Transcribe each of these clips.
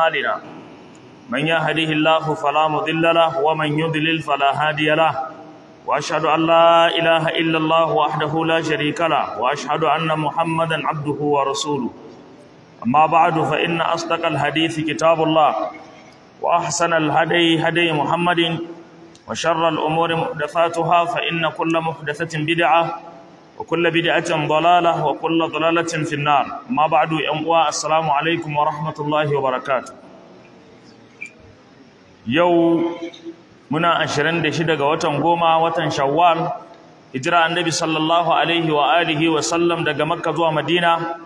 أعمالنا من يهده الله فلا مضل له ومن يضلل فلا هادي له وأشهد أن لا إله إلا الله وحده لا شريك له وأشهد أن محمدا عبده ورسوله أما بعد فإن أصدق الحديث كتاب الله وأحسن الهدي هدي محمد وشر الأمور محدثاتها فإن كل محدثة بدعة wa kullu bid'atin dalalah wa kullu dalalatin fi an-nar ma ba'du yan uwa assalamu alaykum wa rahmatullahi wa barakatuh yau muna 26 ga watan goma watan shawwal hijira annabi sallallahu alayhi wa alihi wa sallam daga makka zuwa madina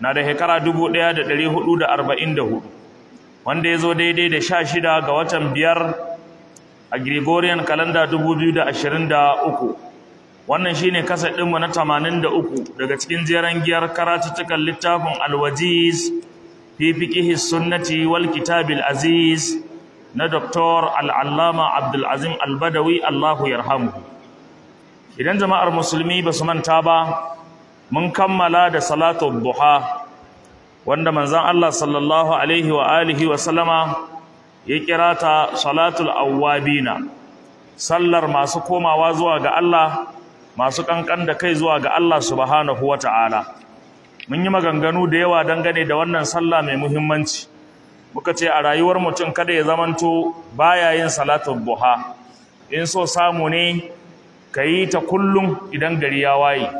na da hekara 1444 wanda ya zo daidai da sha shida ga watan 5 a gregorian calendar 2023 wannan shine kasar ɗinmu na tamanin 83 daga cikin jeran giyar cikin littafin alwajiz fi fiqihi sunnati wal kitabil aziz na doktor al'allama abdulazim albadawi allahu yarhamu idan jama'ar musulmi ba su manta ba mun kammala da salatu buha wanda manzan Allah sallallahu alaihi wa alihi wa salama ya kira ta salatul awwabina sallar masu komawa zuwa ga Allah masu ƙanƙan da kai zuwa ga Allah subhanahu Ta'ala. mun yi maganganu da yawa dangane da wannan sallah mai muhimmanci muka ce a rayuwar mutum kada ya zamanto baya yin salatun buha. in so samu ne ka yi ta kullum idan gari ya waye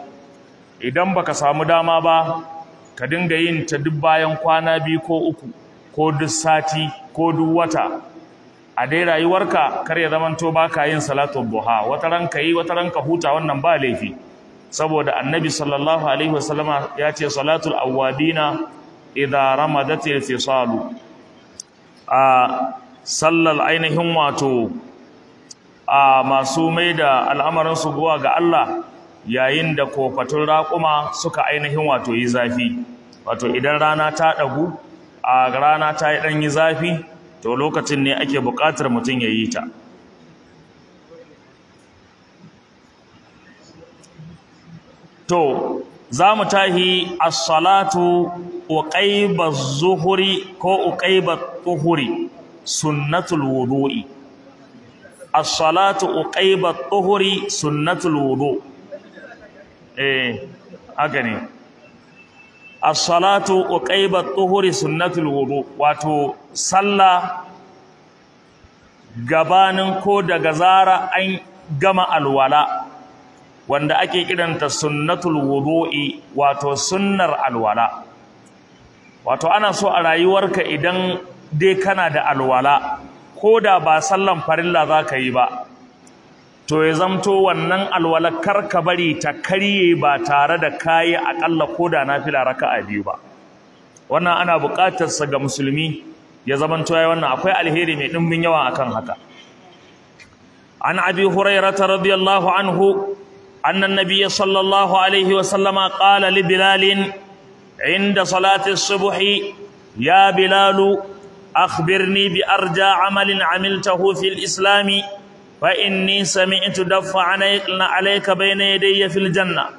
idan baka samu dama ba ka dinga yin ta duk bayan kwana biyu ko uku ko duk sati ko duk wata a dai rayuwarka kar ya zamanto ba ka yin salatu duha wata ranka yi wata ranka huta wannan ba laifi saboda annabi sallallahu alaihi wasallama ya ce salatul awwabina idza ramadat al-fisalu a sallal ainihin wato a masu mai da al'amarin su zuwa ga Allah yayin da kofatun raƙuma suka ainihin wato yi zafi wato idan rana ta ɗagu a rana ta yi ɗan yi zafi to lokacin ne ake buƙatar mutum ya yi ta to za mu tahi as-salatu Zuhuri ko uqayba tuhuri sunnatul wudu'i Asalatu salatu tuhuri sunnatul wudu' eh haka ne as-salatu uqayba tuhuri sunnatul wudu wato salla gabanin ko daga zara an gama alwala wanda ake kiranta sunnatul wudu'i wato sunnar alwala wato ana so a rayuwarka idan dai kana da alwala ko da ba sallan farilla zaka yi ba to ya zamto wannan alwala kar ka bari ta karye ba tare da kayi akalla ko da nafila raka'a biyu ba wannan ana buƙatar sa ga musulmi ya zamanto yayi wannan akwai alheri mai dimbin yawa akan haka an abi hurairata radiyallahu anhu anna sallallahu alaihi wa sallama qala li bilalin inda salati subhi ya bilalu. akhbirni bi arja amalin amiltahu fil islami fa inni sami'tu daf'an ayqna 'alayka bayna yadayya fil janna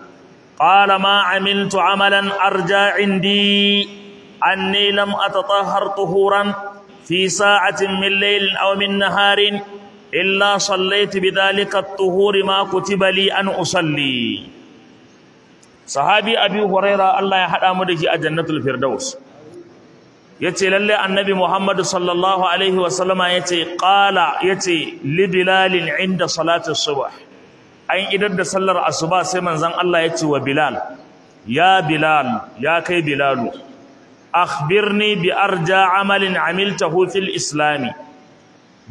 qala ma 'amiltu 'amalan arja 'indi anni lam tuhuran fi sa'atin min layl aw min naharin illa sallaytu bidhalika at-tuhuri ma kutiba li an usalli sahabi abi hurayra allah ya hada mu da shi a jannatul firdaus Ya ce lalle annabi Muhammadu sallallahu alaihi wasallama yace ƙala yace li libilalin inda salati subh an idar da sallar asuba sai manzan Allah ya ce wa bilal ya bilal ya kai bilalu akhbirni bi arja amalin amiltahu hufil islami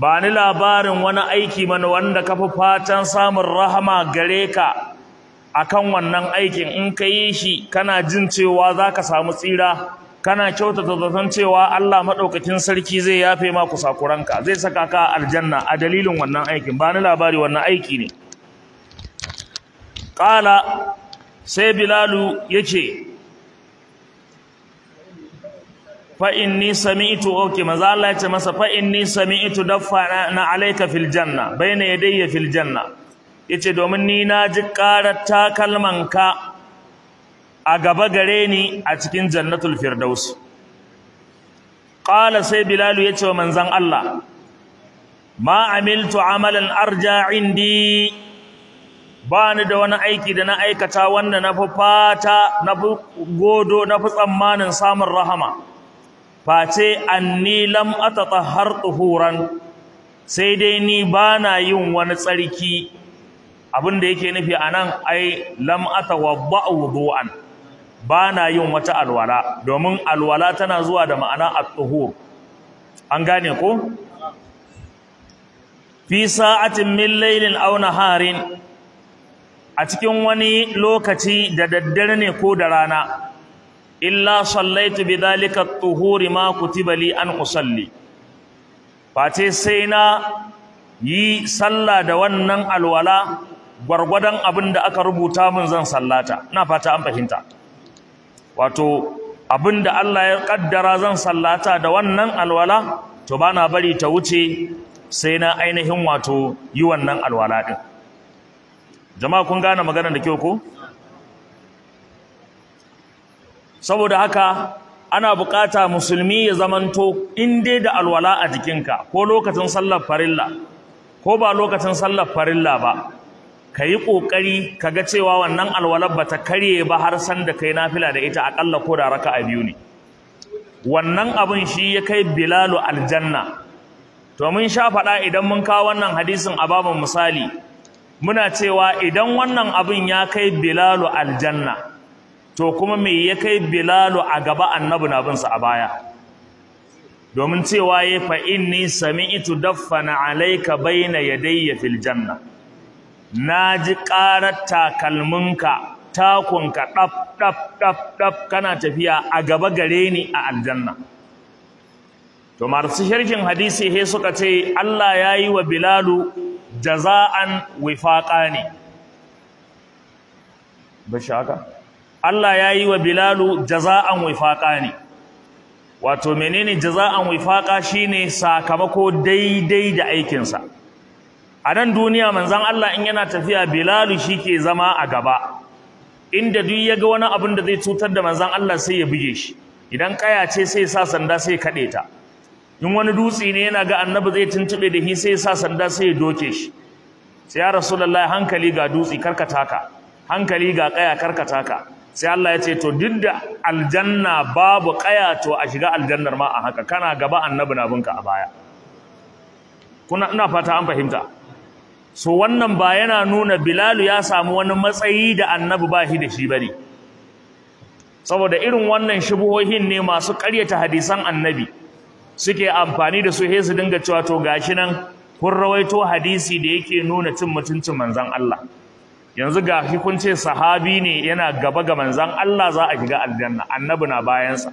ba ni labarin wani aiki mana wanda ka fatan samun rahama gare ka a kan wannan aikin in ka yi shi kana jin cewa za ka samu tsira kana kyautata zaton cewa Allah maɗaukakin sarki zai yafe ma kusakuranka zai saka ka a aljanna a dalilin wannan aikin ba ni labari wannan aiki ne ƙala sai bilalu ya ce fa'in ni sami'itu oke maza Allah ya masa fa'in ni sami'itu daffa na alaika filjanna bai na ya dai ya filjanna ya ce domin ni na ji ƙarar takalmanka a gaba gare ni a cikin jannatul firdaus qala sai bilalu ya wa manzan Allah ma amiltu amalan arja indi ba ni da wani aiki da na aikata wanda na fi fata na fi godo na fi tsammanin samun rahama face anni lam atatahhar tuhuran sai dai ni ba na yin wani tsarki abin da yake nufi anan ai lam atawadda wudu'an ba na yin wata alwala domin alwala tana zuwa da ma'ana a tuhur an gane ko fi sa'atin min auna harin harin. a cikin wani lokaci da daddare ne ko da rana illa sallaitu bi at-tuhuri ma kutiba li an usalli face sai na yi sallah da wannan alwala gwargwadon abin da aka rubuta min zan sallata ina fata an fahimta wato abinda Allah ya kaddara zan sallata da wannan alwala to bana bari ta wuce sai na ainihin wato yi wannan alwala din jama'a kun gane maganar da kyau ko saboda haka ana bukata musulmi ya zamanto indai da alwala a jikinka ko lokacin sallar farilla ko ba lokacin sallar farilla ba ka yi ƙoƙari ka ga cewa wannan alwalar ba ta karye ba har san da kai nafila da ita aƙalla ko da raka a biyu ne wannan abin shi ya kai bilalu aljanna to mun sha faɗa idan mun kawo wannan hadisin a babin misali muna cewa idan wannan abin ya kai bilalu aljanna to kuma me ya kai bilalu a gaba annabi na binsa a baya domin cewa ya fa inni sami'tu daffana alayka bayna yadayya fil janna na ji ƙarar takalminka takunka ɗaf ɗaf ɗaf ɗaf kana tafiya a gaba gare ni a aljanna to marasu shirkin hadisi he suka ce Allah ya yi wa bilalu jaza'an wifaƙa ne ba Allah ya yi wa bilalu jaza'an wifaƙa ne wato menene jaza'an wifaƙa shine sakamako daidai da aikinsa a nan duniya manzan Allah in yana tafiya bilalu shi ke zama a gaba inda duk ya ga wani abin da zai cutar da manzan Allah sai ya buge shi idan kaya ce sai sa sanda sai kaɗe ta in wani dutse ne yana ga annabi zai tuntuɓe da shi sai sa sanda sai ya doke shi sai ya rasulullahi hankali ga dutse karkata ka hankali ga kaya karkata ka sai Allah ya ce to duk da aljanna babu kaya to a shiga aljannar ma a haka kana gaba annabi na bunka a baya kuna ina fata an fahimta so wannan ba yana nuna bilalu ya samu wani matsayi da annabi ba shi da shi bane saboda irin wannan shubuhohin ne masu ƙaryata hadisan annabi suke amfani da su hesu su dinga cewa to gashi nan kun rawaito hadisi da yake nuna cin mutuncin manzon Allah yanzu ga shi kun ce sahabi ne yana gaba ga manzon Allah za a shiga aljanna annabi na bayansa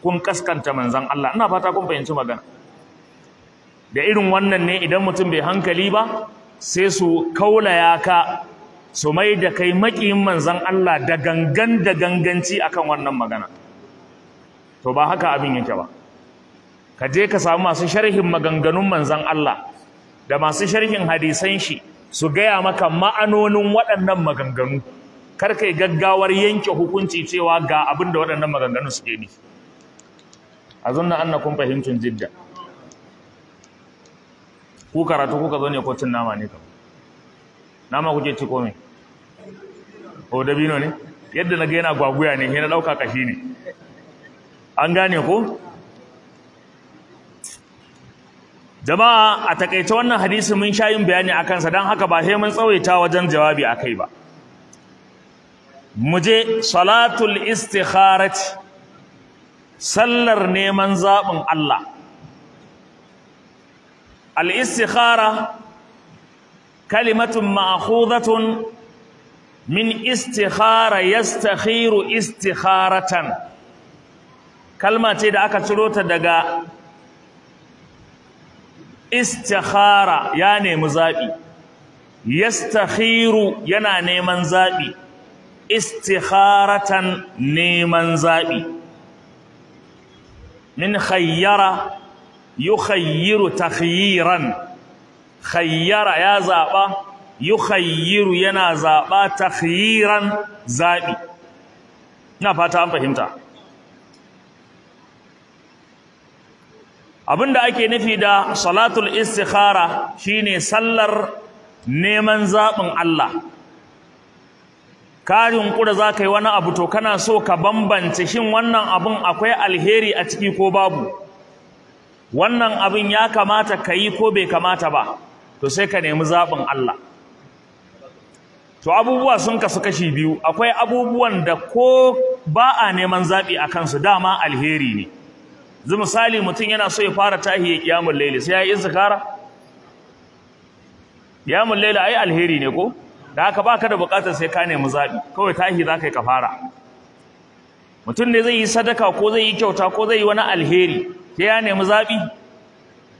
kun kaskanta manzon Allah ina fata kun fahimci magana da irin wannan ne idan mutum bai hankali ba sai su kaulaya ka su mai da kai maƙiyin manzan Allah da gangan da ganganci akan wannan magana to ba haka abin yake ba ka je ka samu masu sharhin maganganun manzan Allah da masu sharhin hadisan shi su gaya maka ma'anonin waɗannan maganganu kar kai gaggawar yanke hukunci cewa ga abin da waɗannan maganganu suke an na kun fahimtun jidda ku karatu kuka zo ne ko cin nama ne kam nama kuke ci ko me o dabino ne yadda na ga yana gwaguya ne yana dauka kashi ne an gane ko jama'a a takaice wannan hadisi mun sha yin bayani akan sa dan haka ba sai mun tsawaita wajen jawabi a kai ba muje salatul istikharati sallar neman zaɓin Allah al-istikhara kalimatun ma'khudatun min istikhara yastakhiru istikharatan kalma ce da aka ciro ta daga istikhara ya nemi zabi yastakhiru yana neman zaɓi istikharatan neman zaɓi. min khayyara yukhayyiru takhyiran khayyara ya zaba yukhayyiru yana zaɓa takhyiran zaɓi ina fata an fahimta abinda ake nufi da salatul istikhara shine sallar neman zaɓin Allah ka yunkura za ka yi wani abu to kana so ka bambance shin wannan abun akwai alheri a ciki ko babu wannan abin ya kamata ka yi ko bai kamata ba to sai ka nemi zaɓin Allah to abubuwa sun kasu kashi biyu akwai abubuwan da ko ba a neman zaɓi a kansu dama alheri ne zu misali mutum yana so ya fara tahi ya laili sai ya yi Ƙiyamun laili ai alheri ne ko da haka ba ka da buƙatar sai ka nemi zaɓi kawai tahi za ka yi ka fara mutum ne zai yi sadaka ko zai yi kyauta ko zai yi wani alheri sai ya nemi zaɓi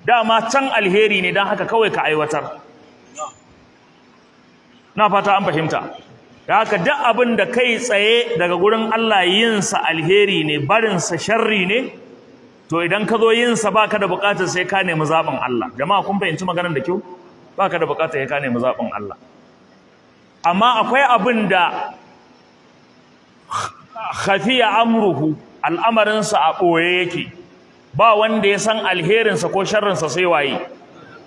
dama can alheri ne don haka kawai ka aiwatar na fata an fahimta da haka duk abin da kai tsaye daga gurin Allah yinsa alheri ne barinsa sharri ne to idan ka zo yinsa ka da bukatar sai ka nemi zaɓin Allah jama'a kun fahimci maganar da kyau Ba ka da bukatar sai ka nemi zaɓin Allah amma akwai abin da khafiya amruhu al'amarinsa a ɓoye yake ba wanda ya san alherinsa ko sharrinsa sai waye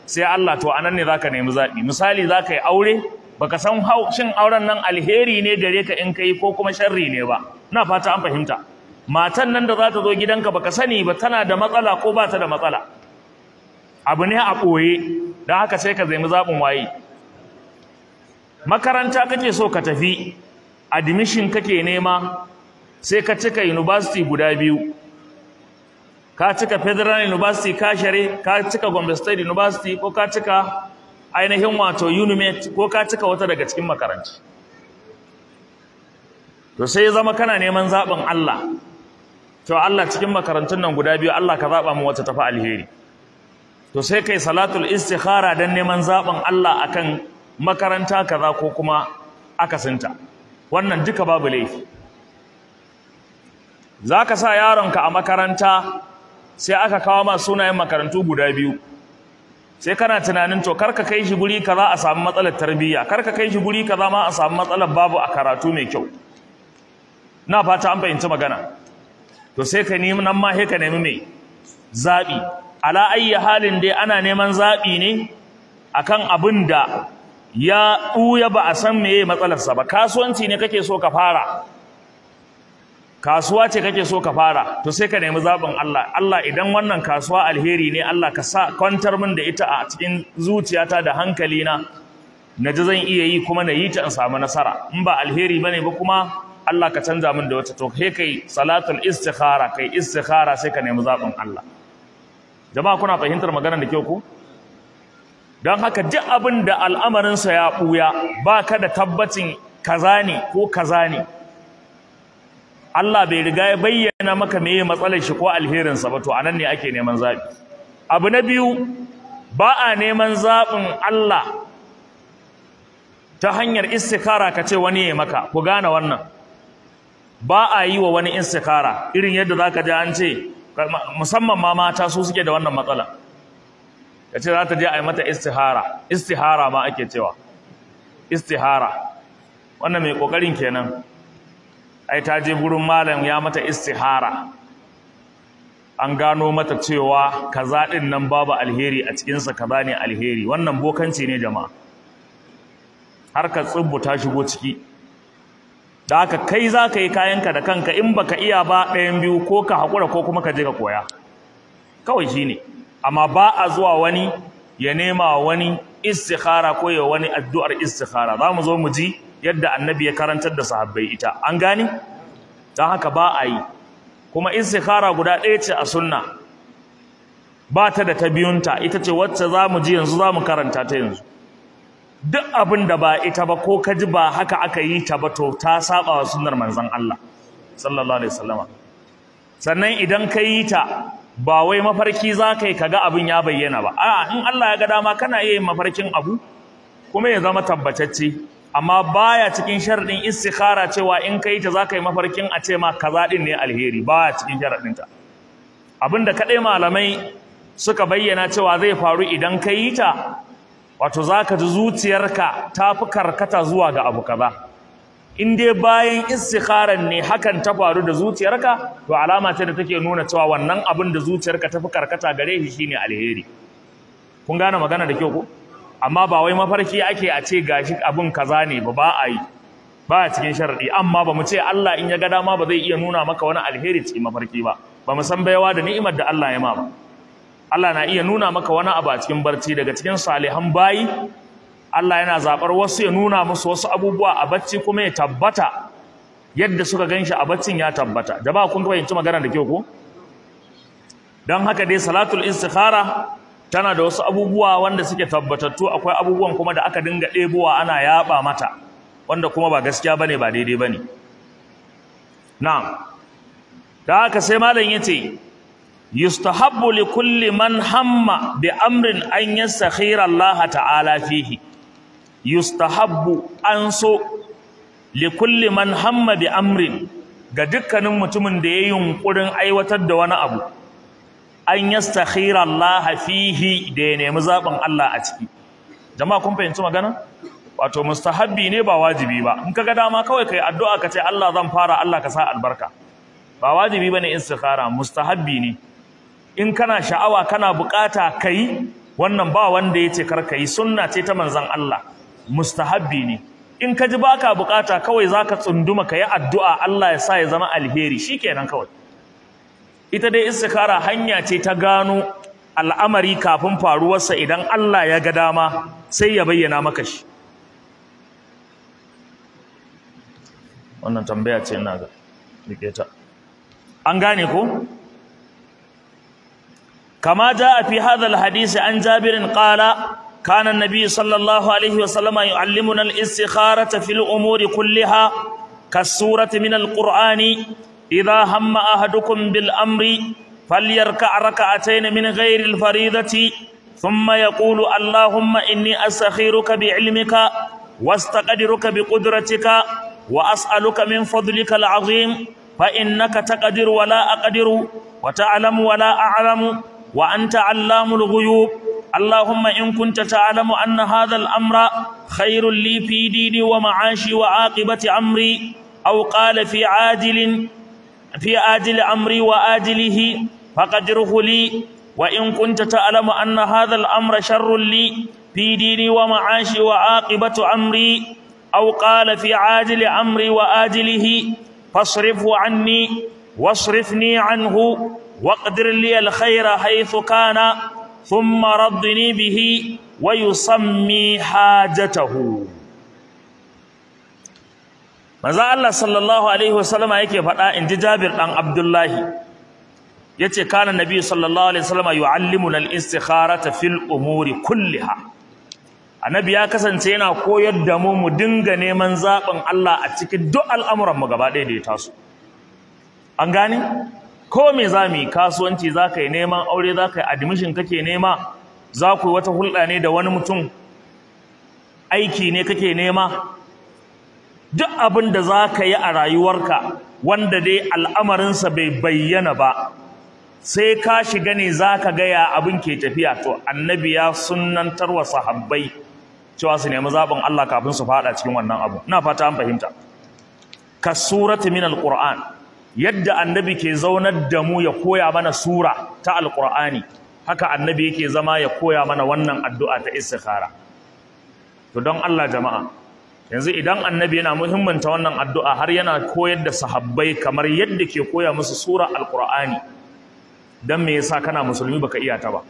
sai Allah to anan ne zaka nemi zabi misali zaka yi aure baka san hau shin auren nan alheri ne gare ka in kai ko kuma sharri ne ba ina fata an fahimta matan nan da za ta zo gidanka baka sani ba tana da matsala ko ba ta da matsala abu ne a ɓoye don haka sai ka zaimi zaɓin waye makaranta kake so ka tafi admission kake nema sai ka cika university guda biyu ka cika federal university ka share ka cika gombe state university ko ka cika ainihin wato unimet ko ka cika wata daga cikin makaranci to sai ya zama kana neman zaɓin allah to allah cikin makarantun nan guda biyu allah ka zaɓa mu wata tafi alheri to sai kai salatul istikhara dan neman zaɓin allah akan makaranta kaza ko kuma akasinta wannan duka babu laifi za ka sa yaronka a makaranta sai aka kawo ma sunayen makarantu guda biyu sai kana tunanin to karka kai shi guri kaza a samu matsalar tarbiyya karka kai shi guri kaza ma a samu matsalar babu a karatu mai kyau na fata an fahimci magana to sai ka nemi nan ma ka nemi mai zaɓi ala ayyi halin dai ana neman zaɓi ne akan abin da ya ɓuya ba a san meye matsalarsa ba kasuwanci ne kake so ka fara kasuwa ce kake so ka fara to sai ka nemi zaɓin Allah Allah idan wannan kasuwa alheri ne Allah ka sa kwantar min da ita a cikin zuciyata da hankali na ji zan iya yi kuma na yi ta in samu nasara in ba alheri bane ba kuma Allah ka canza min da wata to he kai salatul istikhara kai istikhara sai ka nemi zaɓin Allah jama'a kuna fahimtar maganar da kyau ku don haka duk abin da al'amarinsa ya buya ba ka da tabbacin kaza ne ko kaza ne Allah bai riga ya bayyana maka meye matsalar shi ko alherinsa ba to anan ne ake neman zabi abu na biyu ba a neman zabin Allah ta hanyar istikara ka ce wani ya maka ku gane wannan ba a yi wa wani istikara irin yadda zaka ji an ce musamman ma mata su suke da wannan matsala ka ce za ta je a yi mata istihara istihara ma ake cewa istihara wannan mai kokarin kenan ai ta je gurin malam ya mata istihara an gano mata cewa kaza din nan babu alheri a cikinsa kaza ne alheri wannan bokanci ne jama'a harkar tsubbu ta shigo ciki da haka kai za ka yi kayanka da kanka in baka iya ba ɗayan biyu ko ka haƙura ko kuma ka je ka koya kawai shine, amma ba a zuwa wani ya nema wani istikhara ko ya wani addu'ar istikhara za mu zo mu ji yadda annabi ya karantar da sahabbai ita an gane ta haka ba a yi kuma in istikhara guda ɗaya ce a sunna ba ta da ta biyunta ita ce wacce za mu ji yanzu za mu karanta ta yanzu duk abin da ba ita ba ko ka ji ba haka aka yi ta ba to ta saba wa sunnar manzon Allah sallallahu alaihi wasallama sannan idan ka yi ta ba wai mafarki za ka yi kaga abin ya bayyana ba a'a in Allah ya ga dama kana iya yin mafarkin abu kuma ya zama tabbatacce amma baya cikin sharadin istikhara cewa in kai ta zaka yi mafarkin a ce ma kaza din ne alheri baya cikin sharadin ta abinda kadai malamai suka bayyana cewa zai faru idan ka yi ta wato zaka ji zuciyarka ta fi karkata zuwa ga abu kaza in dai bayan istikharan ne hakan ta faru da zuciyarka to alama ce da take nuna cewa wannan abin da zuciyarka ta fi karkata gare shi shine alheri kun gane magana da kyau ko amma ba wai mafarki ake a ce gashi abin kaza ne ba ba a yi ba a cikin sharadi amma ba mu ce Allah in ya ga dama ba zai iya nuna maka wani alheri cikin mafarki ba ba mu san baiwa da ni'imar da Allah ya ma ba Allah na iya nuna maka wani abu a cikin barci daga cikin salihan bayi Allah yana zabar wasu ya nuna musu wasu abubuwa a barci kuma ya tabbata yadda suka ganshi a baccin ya tabbata da ba kun ga fahimci magana da kyau ko Don haka dai salatul istikhara tana da wasu abubuwa wanda suke tabbatattu akwai abubuwan kuma da aka dinga ɗebowa ana yaba mata wanda kuma ba gaskiya bane ba daidai bane na'am da haka sai malam yace yustahabbu li kulli man hamma bi amrin an yastakhira Allah ta'ala fihi yustahabbu an so li kulli man hamma bi amrin ga dukkanin mutumin da ya yunkurin aiwatar da wani abu an yastakhira Allah fihi da ya nemi zaɓin Allah a ciki jama'a kun fahimci magana wato mustahabbi ne ba wajibi ba in kaga dama kawai ka yi addu'a ka ce Allah zan fara Allah ka sa albarka ba wajibi ba in istikhara mustahabbi ne in kana sha'awa kana bukata yi, wannan ba wanda ya ce kar ka yi sunna ce ta manzon Allah mustahabbi ne in ka ji baka bukata kawai za ka tsunduma ka yi addu'a Allah ya sa ya zama alheri shi kenan kawai ita dai istikara hanya ce ta gano al'amari kafin faruwarsa idan Allah ya ga dama sai ya bayyana maka shi wannan tambaya ce ina ga an gane ko kama a fi hadal hadisi an jabirin qala kana an-nabi sallallahu alaihi wasallam yu'allimuna al-istikharata fil umuri kulliha كالسورة من القرآن إذا هم أحدكم بالأمر فليركع ركعتين من غير الفريضة ثم يقول اللهم إني أستخيرك بعلمك واستقدرك بقدرتك وأسألك من فضلك العظيم فإنك تقدر ولا أقدر وتعلم ولا أعلم وأنت علام الغيوب اللهم إن كنت تعلم أن هذا الأمر خير لي في ديني ومعاشي وعاقبة أمري أو قال في عادل في آجل أمري وآجله فقدره لي وإن كنت تعلم أن هذا الأمر شر لي في ديني ومعاشي وعاقبة أمري أو قال في عاجل أمري وآجله فاصرفه عني واصرفني عنه واقدر لي الخير حيث كان ثم رضني به ويسمي حاجته manzo Allah sallallahu alaihi wasallama yake faɗa in ji Jabir dan Abdullahi yace kana nabi sallallahu alaihi wasallama yu'allimuna al-istikharata fil umuri kulliha annabi ya kasance yana koyar da mu mu dinga neman zaɓin Allah a cikin duk al'amuranmu gaba ɗaya da ya taso an gane ko me za mu yi kasuwanci zakayi yi neman aure zakayi ka yi admission kake nema za ku yi wata hulɗa ne da wani mutum aiki ne kake nema duk abin da za ka yi a rayuwarka wanda dai al'amarinsa bai bayyana ba sai ka shiga ne za ka gaya abin ke tafiya to annabi ya sunantar wa sahabbai cewa su nemi zaɓin Allah kafin su faɗa cikin wannan abu na fata an fahimta ka surati min alquran yadda annabi ke zaunar da mu ya koya mana sura ta alqur'ani haka annabi yake zama ya koya mana wannan addu'a ta istikhara to don Allah jama'a yanzu idan annabi yana muhimmanta wannan addu'a har yana koyar da sahabbai kamar yadda ke koya musu sura alkur'ani don me yasa kana musulmi baka iya ta ba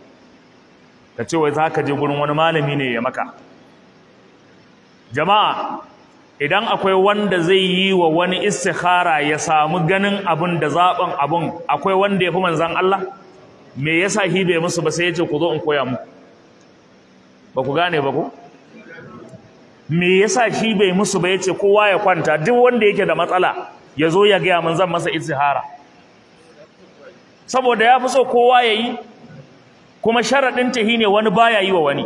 ka ce wai za ka je gurin wani malami ne ya maka jama'a idan akwai wanda zai yi wa wani istikhara ya samu ganin abin da zaben abun akwai wanda ya fi manzan Allah me yasa hibe musu ba sai ya ce ku zo in koya muku ba ku gane ba ku me yasa shi bai musu ba yace kowa ya kwanta duk wanda yake da matsala ya zo ya gaya min zan masa izhara saboda ya fi so kowa yayi kuma sharaɗin tahi ne wani baya yi wa wani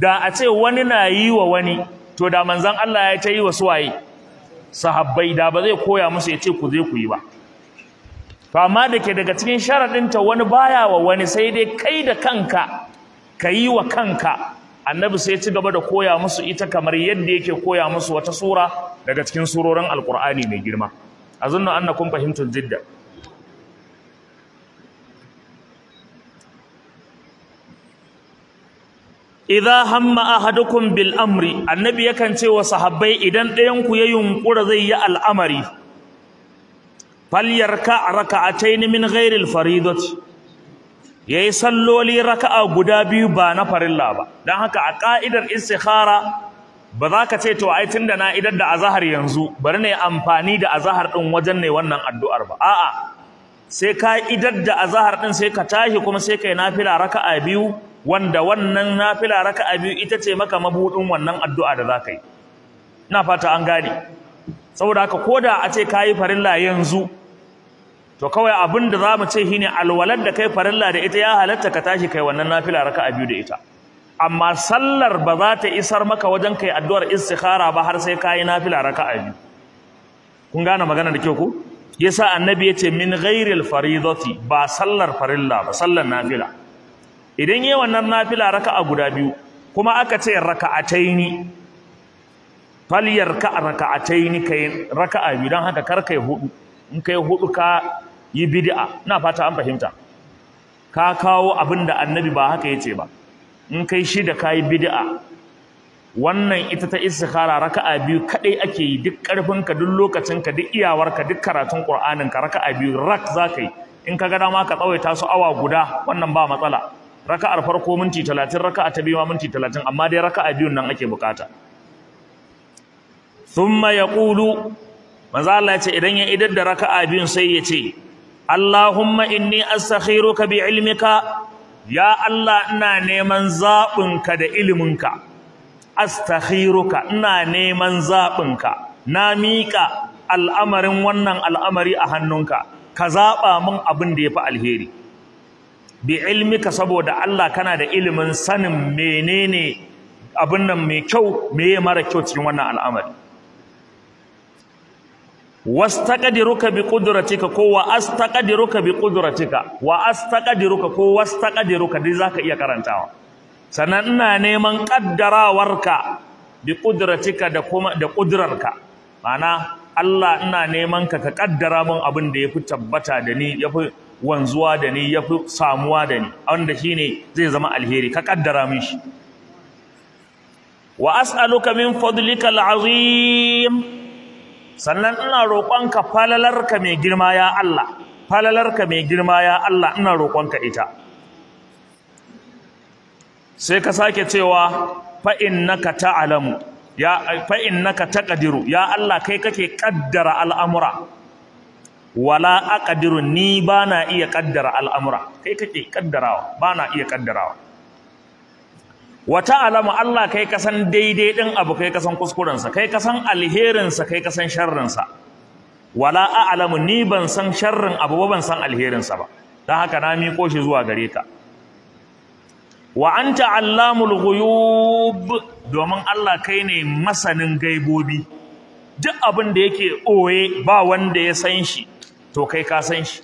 da a ce wani na yi wa wani to da manzon Allah ya ta yi wa suwaye sahabbai da ba zai koya musu ya ce ku zai ku yi ba to amma da ke daga cikin sharaɗinta wani baya wa wani sai dai kai da kanka ka wa kanka annabi sai ci gaba da koya musu ita kamar yadda yake koya musu wata sura daga cikin surorin alkur'ani mai girma azunna annakum fahimtum jidda idza hamma ahadukum bil amri annabi yakan ce wa sahabbai idan ɗayan ku ya yunkura zai yi al'amari falyarka raka'atayn min ghairil al faridati ya yi salloli raka'a guda biyu ba na farilla ba don haka a ƙa'idar istikhara ba za ka ce to ai tun da na idar da azahar yanzu bari ne amfani da azahar ɗin wajen ne wannan addu'ar ba a'a sai ka idar da azahar ɗin sai ka tashi kuma sai ka yi nafila raka'a biyu wanda wannan nafila raka'a biyu ita ce maka mabuɗin wannan addu'a da za ka yi ina fata an gane saboda haka ko da a ce ka yi farilla yanzu to kawai abin da za mu ce ne alwalar da kai farilla da ita ya halatta ka tashi kai wannan nafila a biyu da ita amma sallar ba za ta isar maka wajen kai addu'ar istikhara ba har sai kayi nafila a biyu kun gane magana da kyau ku yasa annabi yace min ghairil faridati ba sallar farilla ba sallar nafila idan yayi wannan nafila raka'a guda biyu kuma aka ce raka'ataini falyarka raka'ataini kai raka'a biyu Don haka kar kai hudu in kai hudu ka yi bid'a ina fata an fahimta ka kawo abin da annabi ba haka yace ba in kai da kayi bidi'a. wannan ita ta istikhara raka'a biyu kadai ake yi duk karfinka duk lokacinka duk iyawarka duk karatun ka raka'a biyu rak zaka in ka ga dama ka ta su awa guda wannan ba matsala raka'ar farko minti 30 raka'a ta biyu ma minti 30 amma dai raka'a biyun nan ake bukata thumma yaqulu manzo Allah ya ce idan ya idar da raka'a biyun sai ya ce Allahumma inni astakhiruka bi ilmika ya Allah ina neman zaɓinka da iliminka astakhiruka ina neman zaɓinka na miƙa al'amarin wannan al'amari a hannunka ka zaɓa min abin da ya fi alheri bi ilmika saboda Allah kana da ilimin sanin menene abin nan mai kyau meye mara kyau cikin wannan al'amari wastaqdiruka bi qudratika ko wa astaqdiruka bi qudratika wa astaqdiruka ko wastaqdiruka dai zaka iya karantawa sannan ina neman kaddarawarka bi qudratika da kuma da qudrarka ma'ana Allah ina neman ka ka kaddara min abin da yafi tabbata da ni yafi wanzuwa da ni yafi samuwa da ni wanda shine zai zama alheri ka kaddara min shi wa as'aluka min fadlika al'azim sannan ina roƙonka falalarka mai girma ya Allah falalarka mai girma ya Allah ina roƙonka ita sai ka sake cewa fa innaka ta'lamu ya fa innaka taqdiru ya Allah kai kake kaddara al'amura wala aqdiru ni bana iya kaddara al'amura kai kake kaddarawa bana iya kaddarawa wata alama Allah kai kasan daidai din abu kai kasan kuskurensa kai kasan alherinsa kai kasan sharrinsa wala a'lamu ni ban san sharrin abu ba ban san alherinsa ba dan haka na miƙo shi zuwa gare ka wa anta allamul ghuyub domin Allah kai ne masanin gaibobi duk abin da yake oye ba wanda ya san shi to kai ka san shi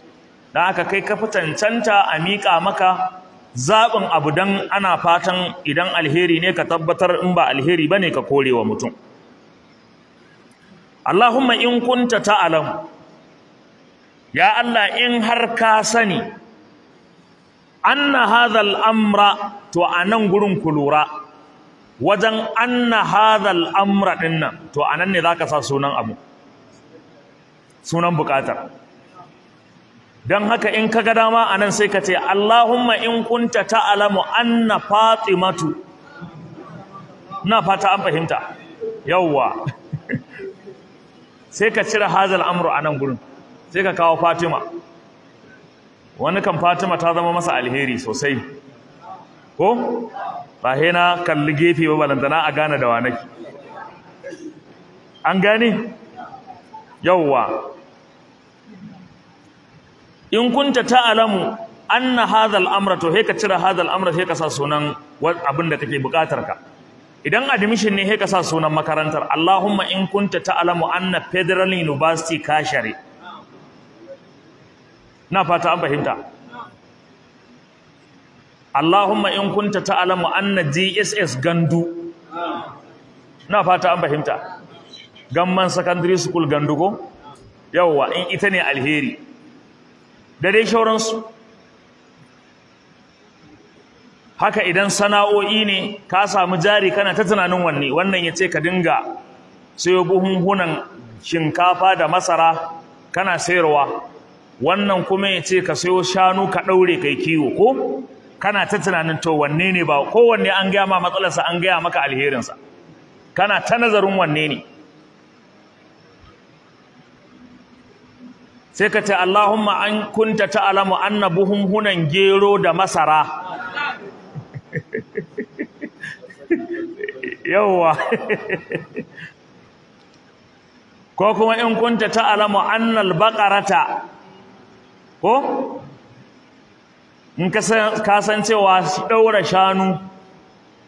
dan haka kai ka fitancanta a miƙa maka zaɓin abu don ana fatan idan alheri ne ka tabbatar in ba alheri ba ne ka kore wa mutum Allahumma in kunta ta'alamu ya Allah in har ka sani An na hadhal amra to a nan gurin ku lura wajen na hadhal amra dinnan to a nan ne za ka sa sunan abu sunan bukatar don haka in ka ga dama a nan sai ka ce Allahumma in kunta ta'lamu anna fatimatu ina fata an fahimta yawwa sai ka cire hazal amru a nan gurin sai ka kawo fatima wani kan fatima ta zama masa alheri sosai ko ba na kalli gefe ba balantana a gane da wanaki an gane yawwa in kunta ta'alamu anna hadha al-amra to he ka cira hadha al he ka sa sunan abin da kake bukatar ka idan admission ne he ka sa sunan makarantar Allahumma in kunta an anna Federal University Kashare na fata an fahimta Allahumma in kunta an anna GSS gandu na fata an fahimta gamman secondary school gandu ko yawwa in ita ne alheri da dai shauransu haka idan sana'o'i ne ka samu jari kana ta tunanin wanne wannan ya ce ka dinga sayo buhunhunan shinkafa da masara kana sayarwa wannan kuma ya ce ka sayo shanu ka ɗaure kai kiwo ko kana ta tunanin to wanne ne ba kowanne an gaya ma matsalarsa an gaya maka alherinsa kana ta nazarin wanne ne sai ka ce Allahumma an kunta ta'lamu anna buhunhunan gero da masara yawwa ko kuma in kunta ta'lamu anna al-baqarata ko in ka san cewa daura shanu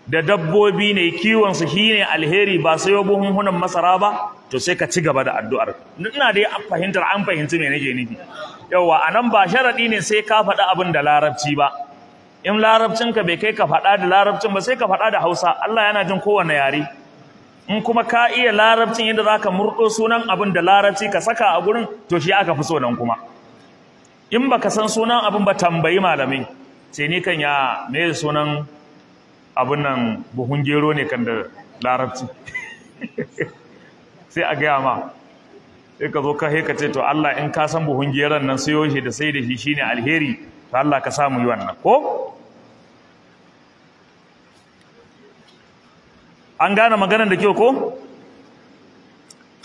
da dabbobi ne kiwon su shine alheri ba sayo buhunhunan masara ba to sai ka ci gaba da addu'ar ina da an fahimtar an fahimci me nake nufi yawa anan ba sharadi ne sai ka faɗi abin da larabci ba in larabcinka bai kai ka faɗa da larabcin ba sai ka faɗa da Hausa Allah yana jin kowanne yare in kuma ka iya larabcin yadda zaka murdo sunan abin da larabci ka saka a gurin to shi aka fi so nan kuma in baka san sunan abin ba tambayi malamai sai ni kan ya me sunan abin nan buhun gero ne kan da larabci sai a gaya ma sai ka zo ka ka ce to Allah in ka san buhun geron nan sai shi da sai da shi shine alheri to Allah ka samu yi wannan ko an gane maganar da kyau ko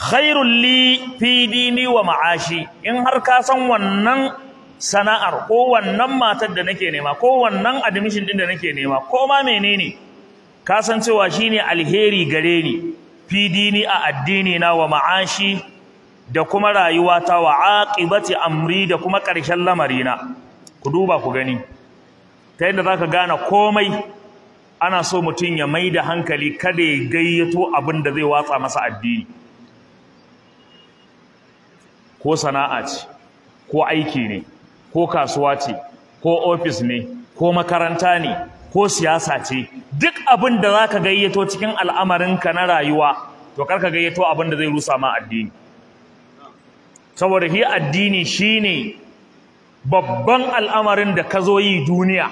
khairul li fi dini wa ma'ashi in har ka san wannan sana'ar kowannan matar da nake nema kowannan wannan admission din da nake nema ko ma menene ka san cewa shine alheri gare ni fi dini a addini na wa ma'ashi da kuma rayuwata wa aqibati amri da kuma ƙarshen na ku duba ku gani ta yadda zaka gane komai ana so mutum ya mai da hankali kada ya gayyato abin da zai watsa masa addini ko sana'a ce ko aiki ne ko kasuwa ce ko ofis ne ko makaranta ne ko siyasa ce duk abin da za ka gayyato cikin al'amarinka na rayuwa to karka gayyato abin da zai rusa ma addini saboda hi addini ne babban al'amarin da ka zo yi duniya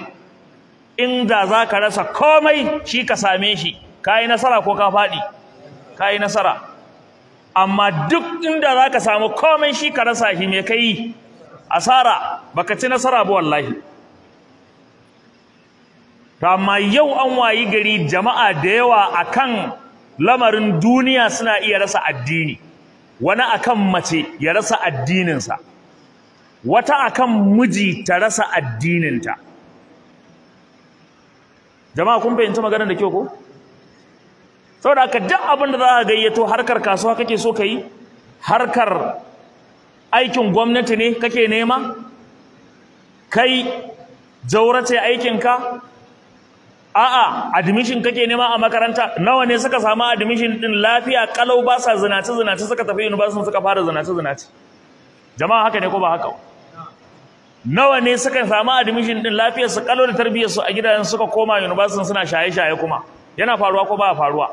inda za ka rasa komai shi ka same shi ka yi nasara ko ka faɗi ka yi nasara amma duk inda za ka samu komai shi ka rasa shi me ka yi asara baka ci nasara ba wallahi to amma yau an wayi gari jama'a da yawa akan lamarin duniya suna iya rasa addini wani akan mace ya rasa addininsa wata akan miji ta rasa addininta jama'a kun fahimci maganar da kyau ko saboda haka duk abin da za ka gayyato harkar kasuwa kake so ka yi harkar aikin gwamnati ne kake nema kai jaurace aikinka a'a admission kake nema a makaranta nawa ne suka samu admission din lafiya kalau ba sa zinace zinace suka tafi university suka fara zinace zinace jama'a haka ne ko ba haka nawa ne suka samu admission din lafiya su kalau da tarbiyyar su a gidajen suka koma university suna shaye shaye kuma yana faruwa ko ba faruwa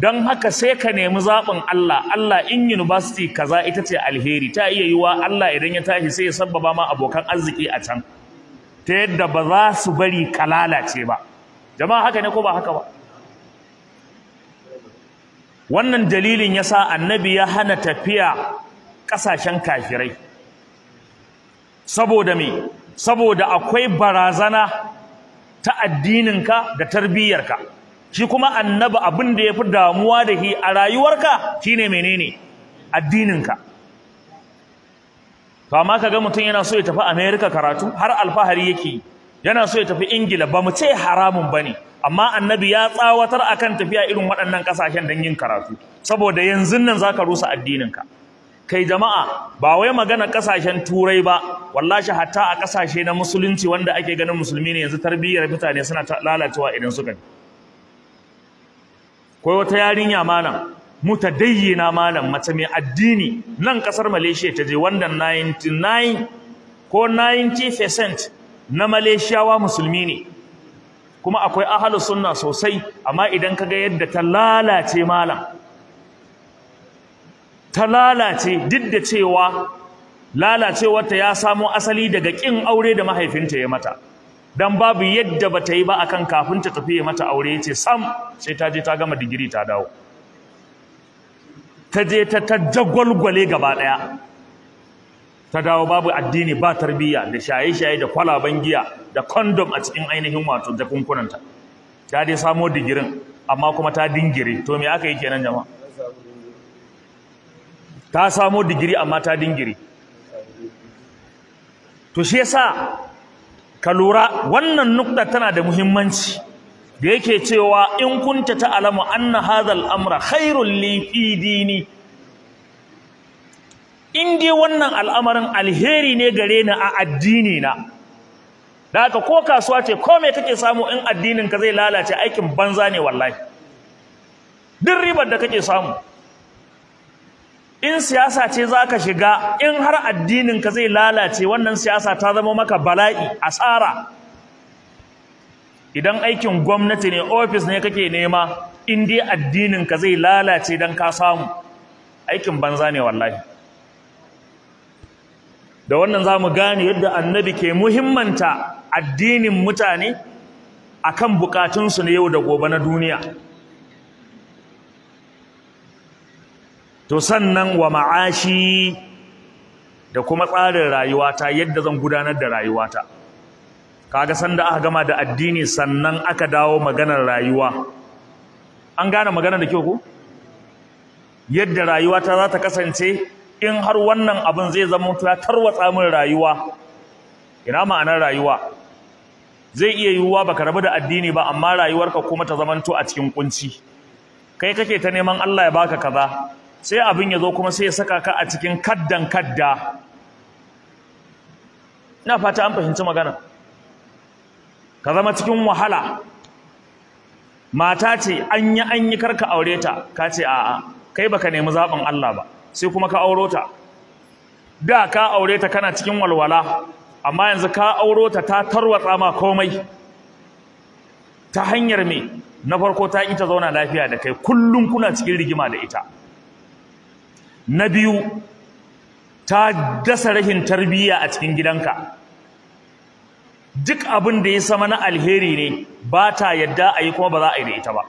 don haka sai ka nemi zaɓin Allah Allah in university kaza ita ce alheri ta iya yiwa Allah idan ya tashi sai ya sabbaba ma abokan arziki a can ta yadda ba za su bari ka lalace ba jama'a haka ne ko ba haka ba wannan dalilin yasa annabi ya hana tafiya ƙasashen kafirai saboda me saboda akwai barazana ta addininka da tarbiyyarka shi kuma annabi abin da ya fi damuwa da shi a rayuwarka Shi shine menene addininka to amma ga mutum yana so ya tafi Amerika karatu har alfahari yake yi. yana so ya tafi Ingila ba mu ce haramun ba ne. amma annabi ya tsawatar a kan tafiya irin waɗannan ƙasashen don yin karatu saboda yanzu nan za ka rusa addininka kai jama'a ba wai magana ƙasashen turai ba shi hatta a ƙasashe na musulunci wanda ake ganin musulmi ne yanzu tarbiyyar mutane suna lalacewa idan suka ne akwai wata yarinya malam mutadayyina malam mace mai addini nan kasar Malaysia ta je wanda 99 ko 90% na Malaysiyawa musulmi ne kuma akwai ahlus sunna sosai amma idan kaga yadda ta lalace malam ta lalace duk da cewa lalacewarta ya samo asali daga kin aure da mahaifinta ya mata dan babu yadda ba ta yi ba akan kafin ta tafi mata aure ce sam sai ta je ta gama digiri ta dawo ta je ta ta jagwalgwale gaba daya ta dawo babu addini ba tarbiyya da shaye-shaye da kwalaban giya da kondom a cikin ainihin wato da jakunkunanta ta dai samo digirin amma kuma ta dingire to me aka yi kenan jama'a ta samo digiri amma ta dingire to shi yasa ka lura wannan nukta tana da muhimmanci da yake cewa in kunta ta'lamu anna hadha amra khairul li dini in dai wannan al'amarin alheri ne gare ni a addini na da haka ko kasuwa ce ko me kake samu in addinin ka zai lalace aikin banza ne wallahi duk ribar da kake samu in siyasa ce za ka shiga in har addinin ka zai lalace wannan siyasa ta zama maka bala'i a asara idan aikin gwamnati ne ofis ne kake nema in dai ka zai lalace dan ka samu aikin banza ne wallahi da wannan za mu gane yadda annabi ke muhimmanta addinin mutane a kan bukatunsu na yau da gobe na duniya to sannan wa ma'ashi da kuma tsarin rayuwata yadda zan gudanar da rayuwata kaga sanda aka gama da addini sannan aka dawo maganar rayuwa an gane maganar da kyau ko yadda rayuwata za ta kasance in har wannan abin zai zama ya tarwatsa min rayuwa ina ma'anar rayuwa zai iya yiwuwa baka rabu da addini ba amma rayuwarka kuma ta zamanto a cikin kunci kai kake ta neman Allah ya baka kaza sai abin ya zo kuma sai ya saka ka a cikin kaddan kadda Na fata an fahimci magana ka zama cikin wahala mata ce an yi an yi karka aure ta ka ce a'a kai baka nemi zaɓin Allah ba sai kuma ka auro ta da ka aure ta kana cikin walwala amma yanzu ka auro ta ta tarwatsa ma komai ta hanyar me na farko ta ita zauna lafiya da kai kullum kuna cikin rigima da ita na biyu ta dasa rahin tarbiyya a cikin gidanka duk abin da ya sama na alheri ne ba ta yadda a yi kuma ba za a yi da ita ba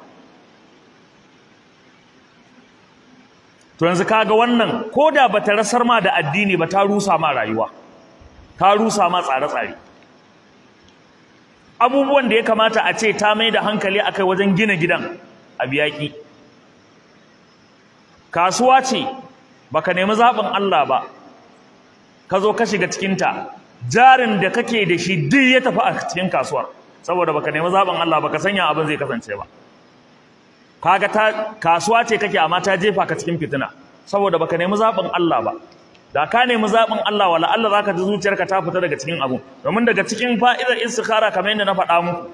to yanzu kaga wannan ko da ba ta rasar ma da addini ba ta rusa ma rayuwa ta rusa ma tsare-tsare abubuwan da ya kamata a ce ta mai da hankali akai wajen gina gidan a biyaƙi. kasuwa ce baka nemi zaɓin Allah ba ka zo ka shiga cikinta jarin da kake da shi duk ya tafi a cikin kasuwar saboda baka nemi zaɓin Allah baka sanya abin zai kasance ba kaga ta kasuwa ce kake amma ta jefa ka cikin fitina saboda baka nemi zaɓin Allah ba da ka nemi zaɓin Allah wala Allah zaka ji zuciyarka ta fita daga cikin abu domin daga cikin fa'idar istikhara kamar yadda na faɗa muku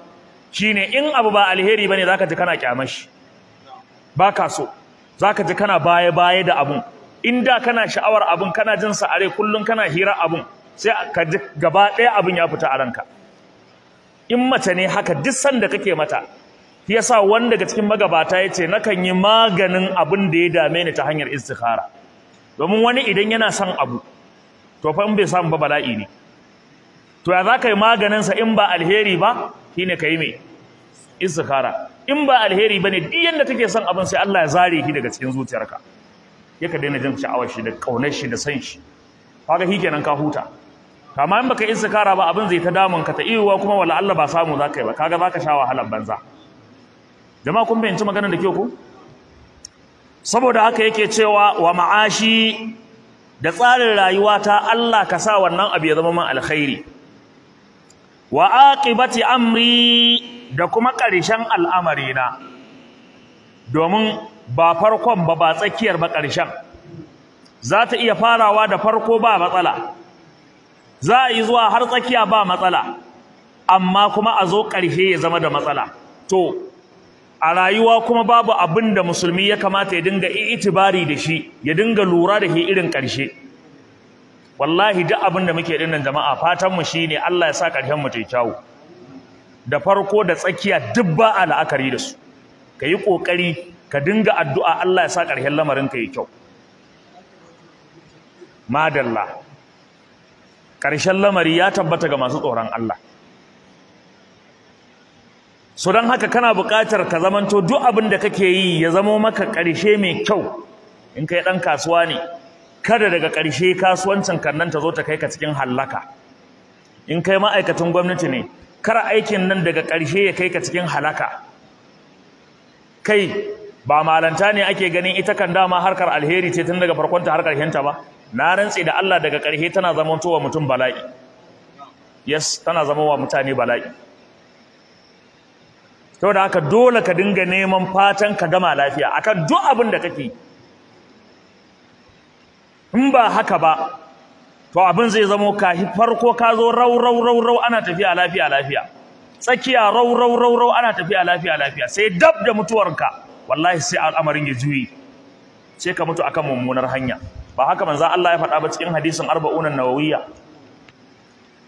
shine in abu ba alheri bane zaka ji kana kyamashi? ba ka so zaka ji kana baye baye da abun in da kana sha'awar abin kana jin sa are kullun kana hira abun sai ka gaba ɗaya abin ya fita a ranka in mace ne haka duk sanda kake mata ya sa wanda daga cikin magabata ya ce nakan yi maganin abin da ya dame ni ta hanyar istikhara domin wani idan yana son abu to fa in bai samu ba bala'i ne to ya za ka yi sa in ba alheri ba shine ka yi mai istikhara in ba alheri ba ne duk yadda take son abin sai Allah ya zare shi daga cikin zuciyarka Ka daina jin sha'awar shi da kaunar shi da san shi kaga shi kenan ka huta amma in baka kara ba abin zai ta damun ka ta iyuwa kuma wala Allah ba samu zaka yi ba kaga zaka sha wahalar banza jama'a kun bayyance maganar da ke ku saboda haka yake cewa wa ma'ashi da tsarin rayuwa ta Allah ka sa wannan abu ya zama man alkhairi wa aqibati amri da kuma ƙarshen al'amarina domin ba farkon ba ba tsakiyar ba ƙarshen za ta iya farawa da farko ba matsala za a yi zuwa har tsakiya ba matsala amma kuma a zo ƙarshe ya zama da matsala to a rayuwa kuma babu abin da musulmi ya kamata ya dinga itibari da shi ya dinga lura da shi irin ƙarshe wallahi duk abin da muke dinnan jama'a fatan mu shine Allah ya sa ƙarshen mu tai kyawu da farko da tsakiya duk ba a la'akari da su yi kokari ka dinga addu'a Allah ya sa ƙarshen lamarin ka yi kyau madalla ƙarshen lamari ya tabbata ga masu tsoron Allah Su don haka kana buƙatar ka zamanto duk abin da kake yi ya zamo maka ƙarshe mai kyau in kai ɗan kasuwa ne kada daga ƙarshe kasuwancin kannan ta zo ta kai ka cikin hallaka in kai ma'aikatan gwamnati ne kar aikin nan daga ƙarshe ya kai ka cikin halaka kai ba malanta ne ake ganin ita kan dama harkar alheri ce tun daga farkonta har ta ba na rantse da Allah daga ƙarshe tana zama towa mutum bala'i yes tana zama wa mutane bala'i to da haka dole ka dinga neman fatan ka gama lafiya akan duk abin da kake in ba haka ba to abin zai zamo ka farko ka zo rau rau rau rau ana tafiya lafiya lafiya tsakiya rau rau rau rau ana tafiya lafiya lafiya sai dab da mutuwarka wallahi sai al'amarin ya juyi sai ka mutu akan mummunar hanya ba haka manzo Allah ya faɗa ba cikin hadisin arba'un an-nawawiyya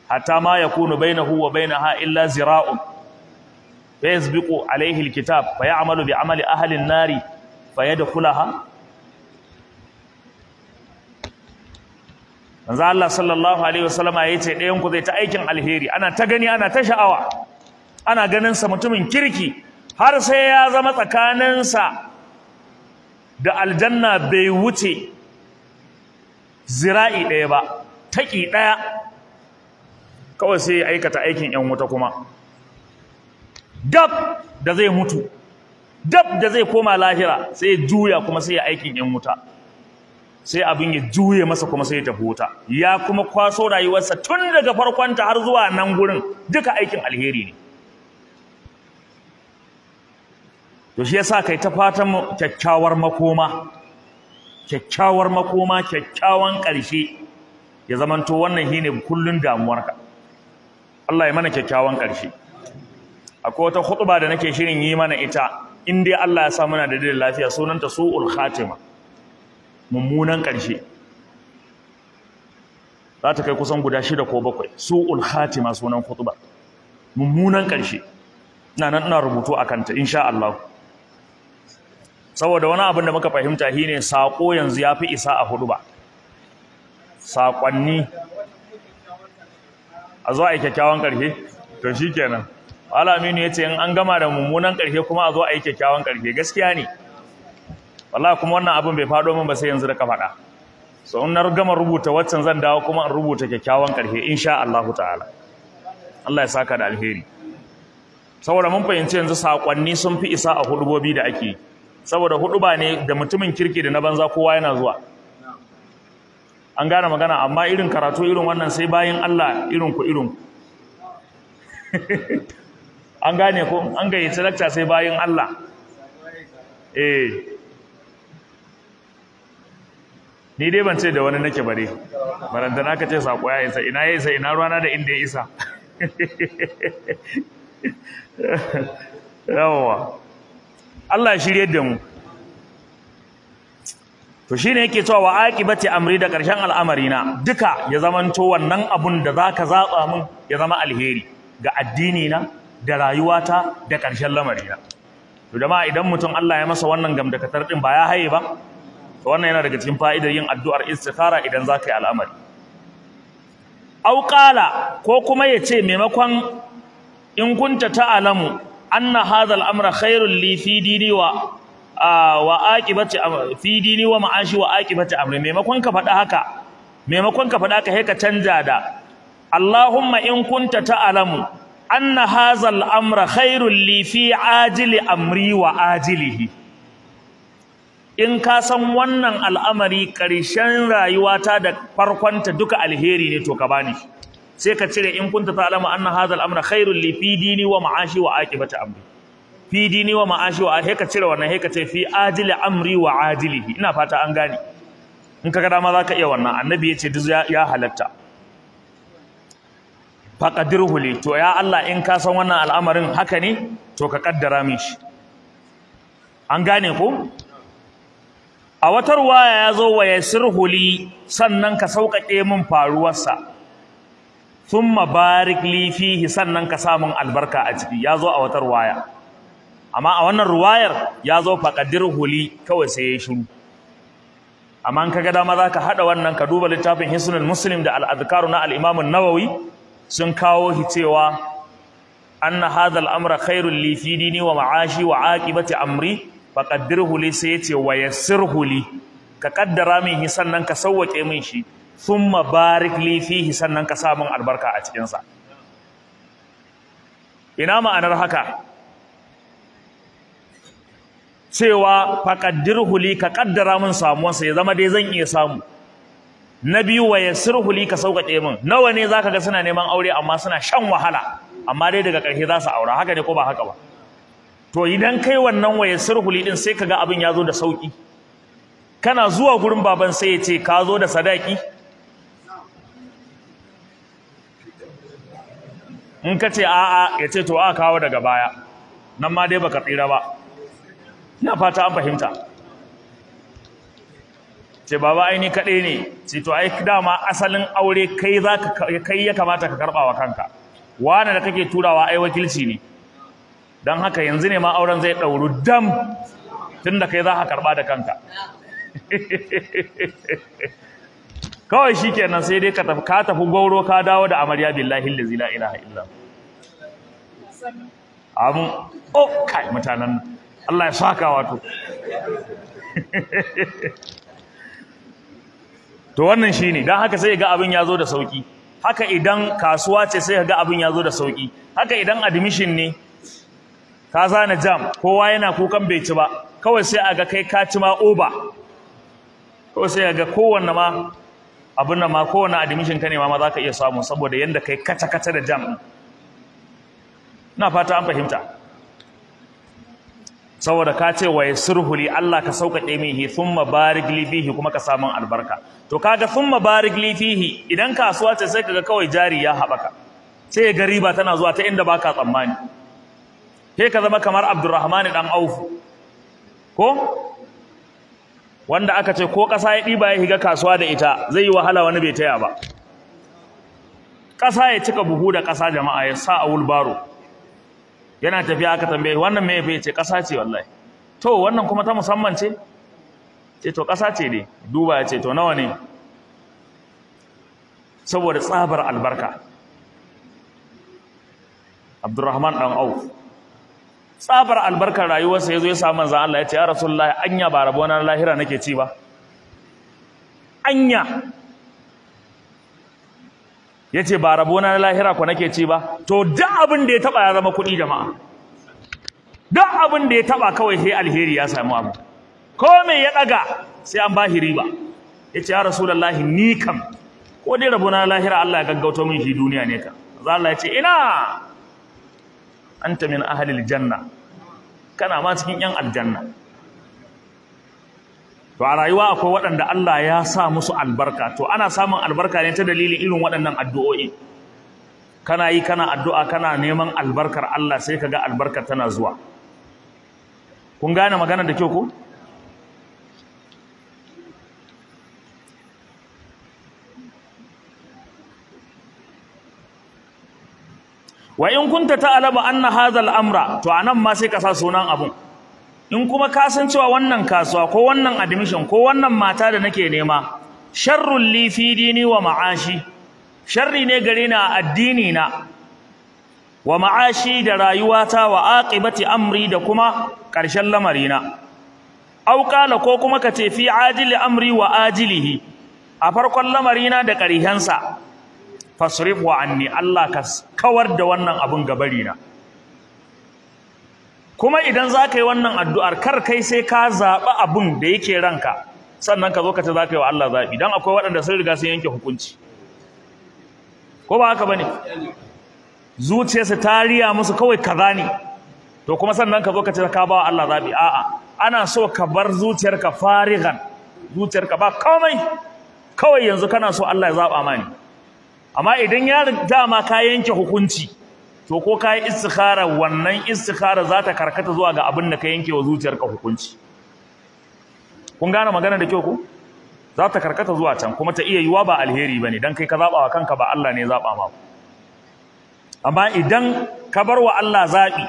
hatta ma yakunu bainahu wa bainaha illa zira'un fa yasbiqu alayhi al-kitab fa ya'malu 'amali ahli an-nari fa yadkhulaha manzo Allah sallallahu alaihi wasallama yace ɗayan ku zai ta aikin alheri ana ta gani ana ta sha'awa ana ganin sa mutumin kirki har sai ya zama tsakaninsa da aljanna bai wuce zira'i ɗaya ba taƙi ɗaya kawai sai ya aikata aikin ‘yan wuta kuma dab da zai mutu dab da zai koma lahira sai ya juya kuma sai ya aikin ‘yan wuta sai abin ya juya masa kuma sai ya tafi wuta ya kuma kwaso rayuwarsa tun daga farkonta har zuwa nan gurin duka aikin alheri ne to shi yasa kai ta fatan kyakkyawar makoma kyakkyawar makoma kyakkyawan ƙarshe ya zamanto wannan shine kullun damuwarka Allah ya mana kyakkyawan ƙarshe akwai wata khutba da nake shirin yi mana ita in dai Allah ya sa muna da lafiya sunanta su'ul khatima mummunan ƙarshe za ta kai kusan guda shida ko bakwai su'ul khatima sunan khutba mummunan ƙarshe ina nan ina rubutu akan ta insha Allah saboda wani abin da muka fahimta shine sako yanzu ya fi isa a hudu ba sakonni a zo a yi kyakkyawan karfe to shi kenan Alaminu ya ce in an gama da mummunan karfe kuma a zo a yi kyakkyawan karfe gaskiya ne Wala kuma wannan abin bai faɗo min ba sai yanzu da ka faɗa so in na gama rubuta waccan zan dawo kuma in rubuta kyakkyawan karfe insha Allah ta'ala Allah ya saka da alheri saboda mun fahimci yanzu sakonni sun fi isa a hudubobi da ake yi saboda huduba ne da mutumin kirki da na banza kowa yana zuwa an gane magana amma irin karatu irin wannan sai bayan Allah irin ku irin an gane ko an gayyaci lakta sai bayan Allah eh ni dai ban ce da wani nake bare barantana ka ce sako ya isa ina ya isa ina ruwana da inda ya isa yawwa Allah ya shirye da mu to shine yake cewa wa aqibati amri da karshen al'amari na duka ya zamanto wannan abun da zaka zaba min ya zama alheri ga addini na da rayuwata da karshen lamari na to jama'a idan mutum Allah ya masa wannan gamdakatar din ba ya haye ba to wannan yana daga cikin fa'idar yin addu'ar istikhara idan zaka yi al'amari au qala ko kuma yace maimakon in kunta ta'lamu anna hadha al-amra khairul li fi dini wa wa aqibati fi dini wa ma'ashi wa aqibati amri maimakon ka fada haka maimakon ka fada ka he ka canja da Allahumma in kunta ta'lamu anna hadha al-amra khairul li fi ajili amri wa ajlihi in ka san wannan al'amari ƙarshen rayuwata da farkonta duka alheri ne to ka bani sai ka cire in kunta alama anna hadha al-amra khairul li fi dini wa ma'ashi wa aqibati amri fi dini wa ma'ashi wa he ka cire wannan he ka ce fi ajili amri wa ajilihi ina fata an gane in ka ga dama zaka iya wannan annabi yace duk ya halatta faqadirhu li to ya Allah in ka san wannan al'amarin haka ne to ka kaddara min shi an gane ko a wata ruwaya ya zo wa yasirhu li sannan ka sauƙaƙe min faruwarsa sun mabarik li sannan ka samun albarka a ciki ya zo a wata ruwaya amma a wannan ruwayar ya zo faƙaddir huli kawai sai ya shiru amma in kaga dama ka haɗa wannan ka duba littafin Hisnul Muslim da al na Al'imamin nawawi sun kawo shi cewa an hadha al-amra khairul dini wa ma'ashi wa aqibati amri faƙaddir huli sai ce wa yassir huli. ka ƙaddara min hi sannan ka sawwake min shi sun barik lifihi sannan ka samun albarka a cikinsa. ina ma'anar haka cewa faƙaddir huli ka ƙaddara min samuwansa ya zama dai zan iya samu na biyu wa yassirhu huli ka sauƙaƙe min nawa ne ka ga suna neman aure amma suna shan wahala amma dai daga ƙarshe za su aura haka ne ko ba haka ba to idan kai wannan waye huli din sai ka ga abin ya zo da sauƙi? kana zuwa gurin baban sai ya ce ka zo da sadaki in ka ce a'a ya ce to a kawo daga baya nan ma dai baka tsira ba ina fata an fahimta ce baba ai ni kaɗai ne ce to ai dama asalin aure kai za ya kamata ka karɓa wa kanka wane da kake turawa ai wakilci ne don haka yanzu ne ma auren zai ɗauru dam tun da kai za ka karɓa da kanka kawai shi nan sai dai ka tafi gwauro ka dawo da amarya billahi da zila ilaha illa amu oh kai mutanen nan Allah ya saka wato to wannan shi ne. don haka sai ga abin ya zo da sauki haka idan kasuwa ce sai ga abin ya zo da sauki haka idan admission ne ka zana jam kowa yana kukan bai ci ba kawai sai a ga kai ka ci ma kawai sai a ga kowanne ma abin da ma kowane admission ka ne ma za ka iya samu saboda yadda kai kata-kata da jam na fata an fahimta saboda ka ce wa sirhuli Allah ka sauƙaƙe mihi thumma barik li fihi kuma ka samun albarka to kaga thumma barik li fihi idan kasuwa ce sai kaga kawai jari ya haɓaka sai ga riba tana zuwa ta inda baka tsammani sai ka zama kamar Abdurrahman dan Auf ko wanda aka ce ko ƙasa ya ɗiba ya higa kasuwa da ita zai yi wahala wani bai taya ba ƙasa ya cika buhu da ƙasa jama'a ya sa a wulbaro yana tafiya aka tambaye wannan mai ya ce ƙasa ce wallahi to wannan kuma ta musamman ce ce to ƙasa ce ne duba ya ce to nawa ne saboda tsabar albarka Abdurrahman dan Auf tsabar albarkar rayuwarsa ya zo ya samu manzan Allah ya ce ya rasulullahi anya ba rabo na lahira nake ci ba anya ya ce ba rabo na lahira ku nake ci ba to duk abin da ya taba ya zama kuɗi jama'a duk abin da ya taba kawai sai alheri ya samu abu ko me ya ɗaga sai an shi riba ya ce ya rasulullahi ni kam ko dai rabo na lahira Allah ya gaggauto min shi duniya ne ka Allah ya ce ina anta min ahalil janna kana ma cikin yan aljanna to a rayuwa akwai waɗanda Allah ya sa musu albarka to ana samun albarka ne ta dalilin irin waɗannan addu'o'i kana yi kana addu'a kana neman albarkar Allah sai ka ga albarkar tana zuwa kun gane magana da kyau ko wa in kunta alaba anna hadzal amra to anan ma sai ka sa sunan abun in kuma ka san cewa wannan kasuwa ko wannan admission ko wannan mata da nake nema sharrul li fi dini wa ma'ashi sharri ne gare ni a addini na wa ma'ashi da rayuwata wa aqibati amri da kuma ƙarshen lamarina aw qala ko kuma ka ce fi ajili amri wa ajilihi a farkon lamarina da karihansa fasrifu anni Allah ka kawar da wannan abun gabari na kuma idan za ka yi wannan addu'ar kar kai sai ka zaɓi abun da yake ranka sannan ka zo ka ce za ka yi wa Allah zaɓi don akwai waɗanda sun riga sun yanke hukunci ko ba haka ba ne zuciyarsa ta riya musu kawai kaza ne to kuma sannan ka zo ka ce ka ba wa Allah zaɓi a'a ana so ka bar zuciyarka farigan zuciyarka ba komai kawai yanzu kana so Allah ya zaɓa mani amma idan yari dama ka yanke hukunci to ko ka yi istikhara wannan istikhara za ta karkata zuwa ga abin da ka yanke wa zuciyarka hukunci kun gane magana da kyau ko za ta karkata zuwa can kuma ta iya yiwa ba alheri bane dan kai ka zaba wa kanka ba Allah ne ya zaba ma amma idan ka bar wa Allah zabi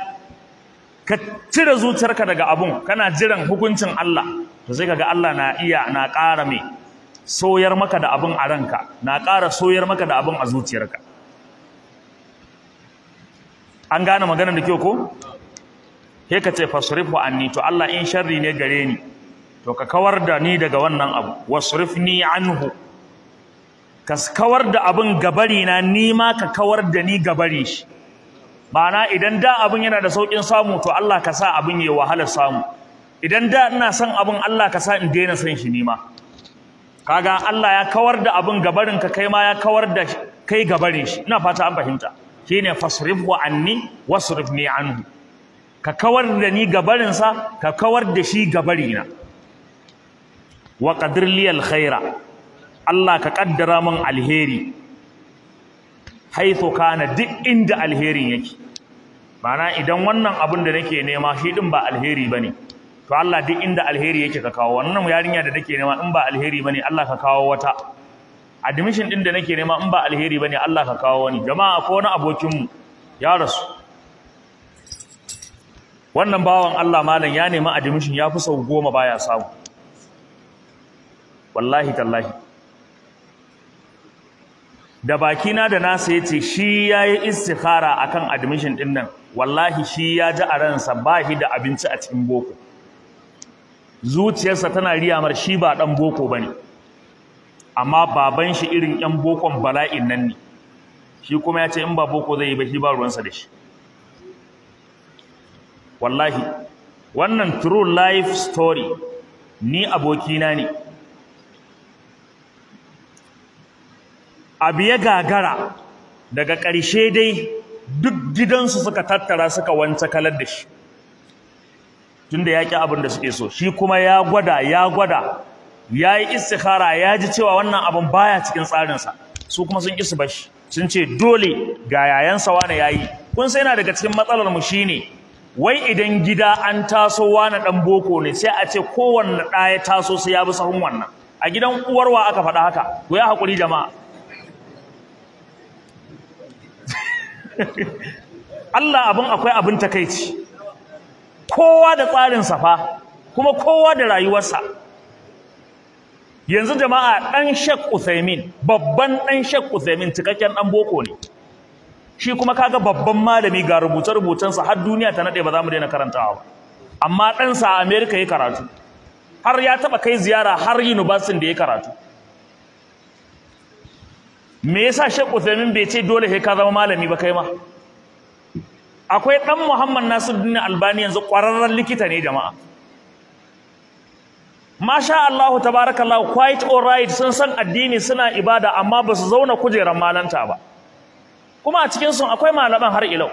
ka cire zuciyarka daga abun kana jiran hukuncin Allah to sai kaga Allah na iya na ƙara mai soyar maka da abin a ranka na ƙara soyar maka da abin a zuciyarka an gane maganar da kyau ko sai ka ce an ni to Allah in sharri ne gare ni to ka kawar da ni daga wannan abu an anhu ka kawar da abin gabari na ni ma ka kawar da ni gabari shi ma'ana idan da abin yana da sauƙin samu to Allah ka sa abin ya wahalar samu idan da ina son abin Allah ka sa in daina son shi ni ma kaga Allah ya kawar da abin gabarinka kai ma ya kawar da kai gabarin shi ina fata an fahimta shine fasrifhu anni wasrifni anhu ka kawar da ni gabarin sa ka kawar da shi gabarina wa qadir li alkhaira Allah ka kaddara min alheri haitho kana duk inda alherin yake ma'ana idan wannan abin da nake nema shi din ba alheri bane to Allah duk inda alheri yake ka kawo wannan yarinya da nake nema in ba alheri bane Allah ka kawo wata admission din da nake nema in ba alheri bane Allah ka kawo wani jama'a ko wani abokin mu ya rasu wannan bawan Allah malam ya nemi admission ya fi sau goma baya samu wallahi tallahi da bakina da nasa ya ce shi ya yi istikhara akan admission din nan wallahi shi ya ji a ransa ba shi da abinci a cikin boko zuciyarsa tana riyamar shi ba ɗan boko bane amma baban shi irin ‘yan bokon bala'in nan ne shi kuma ya ce in ba boko zai yi ba shi ba ruwansa da shi wallahi wannan true life story ni abokina ne abu ya gagara daga ƙarshe dai duk gidansu suka tattara suka wanta kalar da shi tunda ya ƙi abin da suke so shi kuma ya gwada ya gwada ya yi istikhara ya ji cewa wannan abin baya cikin tsarinsa su kuma sun ƙi bashi sun ce dole ga yayansa wane ya yi kun sai yana daga cikin matsalar mu shine wai idan gida an taso wane ɗan boko ne sai a ce kowanne ɗa ya taso sai ya bi sahun wannan a gidan uwarwa aka faɗa haka ku ya haƙuri jama'a Allah abin akwai abin takaici kowa da tsarin safa kuma kowa da rayuwarsa yanzu jama'a ɗan shek usaimin babban ɗan shek usaimin cikakken ɗan boko ne shi kuma kaga babban malami ga rubuce-rubucensa har duniya ta nade ba za mu daina karantawa ba amma ɗansa a Amerika ya karatu har ya taɓa kai ziyara har yunibasin da ya karatu me yasa shek usaimin bai ce dole sai ka zama malami ba kai ma akwai ɗan Muhammad Nasiruddin Albani yanzu ƙwararren likita ne jama'a Masha Allah tabarakallah quite right sun san addini suna ibada amma ba su zauna kujerar malanta ba kuma a cikin sun akwai malaman har ilau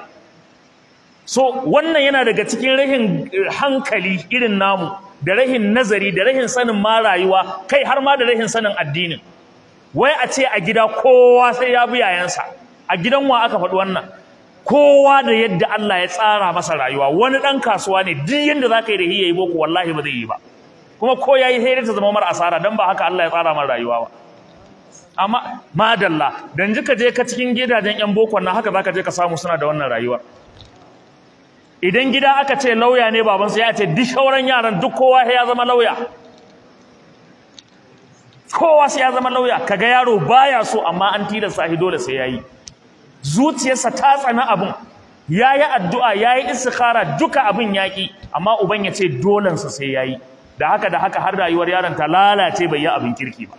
so wannan yana daga cikin rahin eh, hankali irin namu da rahin nazari da rahin sanin ma rayuwa kai har ma da rahin sanin addinin wai a ce a gida kowa sai ya bi yayansa a gidan wa aka faɗi wannan kowa da yadda Allah ya tsara masa rayuwa wani dan kasuwa ne duk yadda za ka yi da hiya yi boko wallahi ba zai yi ba kuma ko ya yi ta zama mar asara dan ba haka Allah ya tsara mar rayuwa ba amma madalla dan ji ka je ka cikin gidajen yan boko na haka zaka je ka samu suna da wannan rayuwar idan gida aka ce lauya ne baban sai ya ce duk shawaran yaran duk kowa ya zama lauya kowa sai ya zama lauya kaga yaro baya so amma an tilasta shi dole sai yayi zuciyarsa ta tsana abin ya yi addu'a ya yi istikhara duka abin yaƙi amma uban ya ce dolansa sai ya yi da haka da haka har rayuwar yaron ta lalace bai yi abin kirki ba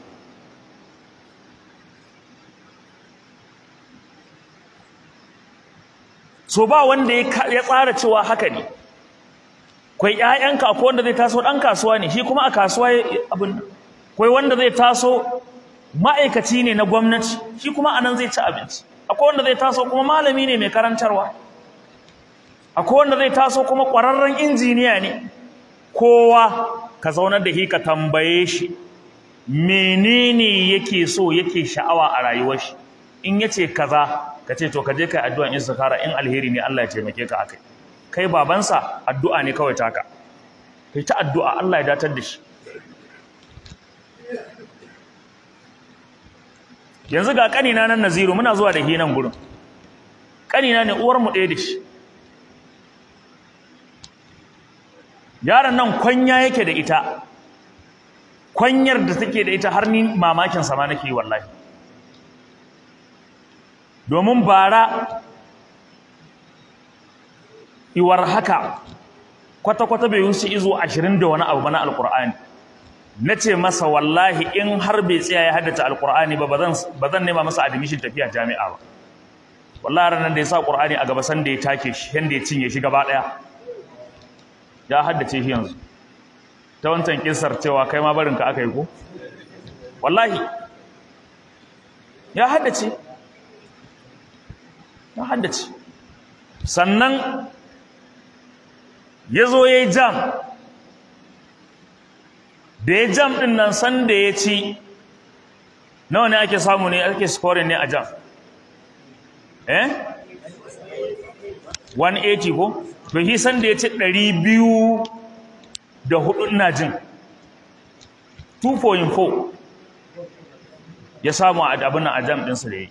so ba wanda ya tsara cewa haka ne kwai ‘ya'yanka ko wanda zai taso ɗan kasuwa ne shi kuma a kasuwa abin kwai wanda zai taso ma'aikaci ne na gwamnati shi kuma anan zai ci abinci akwai wanda zai taso kuma malami ne mai karantarwa akwai wanda zai taso kuma ƙwararren injiniya ne kowa ka zaunar da shi ka tambaye shi menene yake so yake sha'awa a rayuwar shi in yace kaza ka ce to ka je kai addu'an istikhara in alheri ne Allah ya taimake ka akai kai babansa addu'a ne kawai taka kai ta addu'a Allah ya datar da shi yanzu ga kanina nan naziru muna zuwa da hinan gurin kanina ne uwar mu ɗaya da shi yaron nan kwanya yake da ita kwanyar da take da ita har ni mamakin sama nake yi wallahi domin bara iwar haka kwata-kwata bai wuce izo ashirin da wani abu bana na alkur'ani na ce masa wallahi in har bai tsaya ya haddace alkur'ani ba ba zan nema masa admission tafiya jami'a ba wallahi ranar da ya sa alkur'ani a gaba da ya take shi yadda ya cinye shi gaba daya ya haddace shi yanzu ta wancan kisar cewa kai ma barin ka aka yi ko wallahi ya haddace ya haddace sannan ya zo ya yi jam da ya jam ɗin nan san da ya ci nawa ne ake samu ne ake scoring ne a jam eh 180 ko to yi san da ya ci 200 da hudu ina jin 2.4 ya samu a abin a jam ɗinsa da ya yi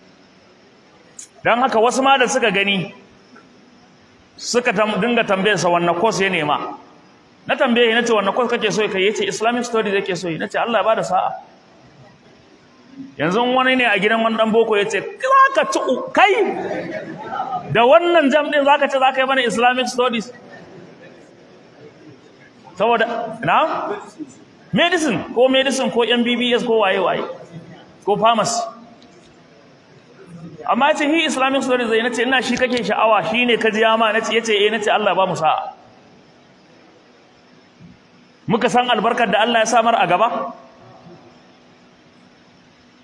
don haka wasu ma da suka gani suka dinga tambayarsa wannan kos ya nema na tambaye shi nace wannan course kake so kai yace islamic studies yake so na nace Allah ya bada sa'a yanzu wani ne a gidan wani dan boko yace ka ci kai da wannan jam din zaka ci zaka yi mana islamic studies saboda na medicine ko medicine ko MBBS ko waye waye ko pharmacy amma ce hi islamic studies zai nace ina shi kake sha'awa shine ka ji yama nace yace eh nace Allah ba mu sa'a muka san albarkar da Allah ya samar a gaba